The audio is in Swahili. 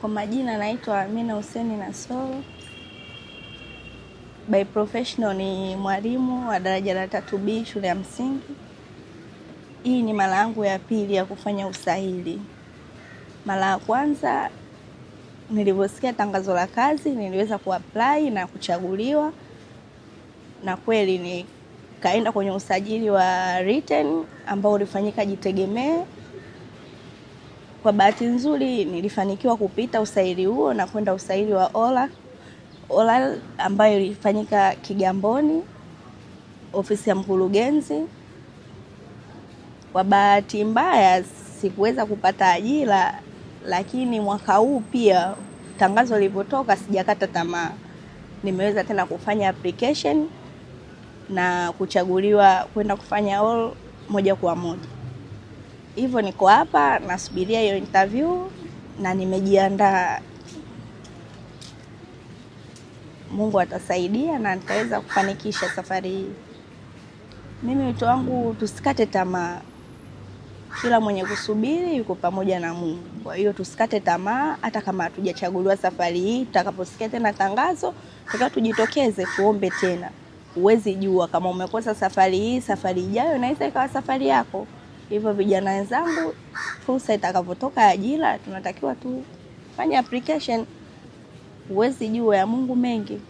Kwa majina naitwa Amina huseni Nasoro. By professional ni mwalimu wa daraja la tatu B shule ya msingi. Hii ni mara yangu ya pili ya kufanya usahili. Mara ya kwanza nilivyosikia tangazo la kazi, niliweza kuapply na kuchaguliwa, na kweli nikaenda kwenye usajili wa written ambao ulifanyika Jitegemee. Kwa bahati nzuri nilifanikiwa kupita usaili huo na kwenda usaili wa ola ola ambayo ilifanyika Kigamboni, ofisi ya mkurugenzi. Kwa bahati mbaya sikuweza kupata ajira, lakini mwaka huu pia tangazo lilivyotoka, sijakata tamaa, nimeweza tena kufanya application na kuchaguliwa kwenda kufanya all moja kwa moja hivyo niko hapa nasubiria hiyo interview na nimejiandaa. Mungu atasaidia na nitaweza kufanikisha safari hii. Mimi wito wangu tusikate tamaa, kila mwenye kusubiri yuko pamoja na Mungu. Kwa hiyo tusikate tamaa, hata kama hatujachaguliwa safari hii, tutakaposikia tena tangazo tutakiwa tujitokeze tuombe tena. Huwezi jua kama umekosa safari hii, safari ijayo inaweza ikawa safari yako. Hivyo vijana wenzangu, fursa itakapotoka ajira, tunatakiwa tu fanye application. Huwezi jua ya Mungu mengi.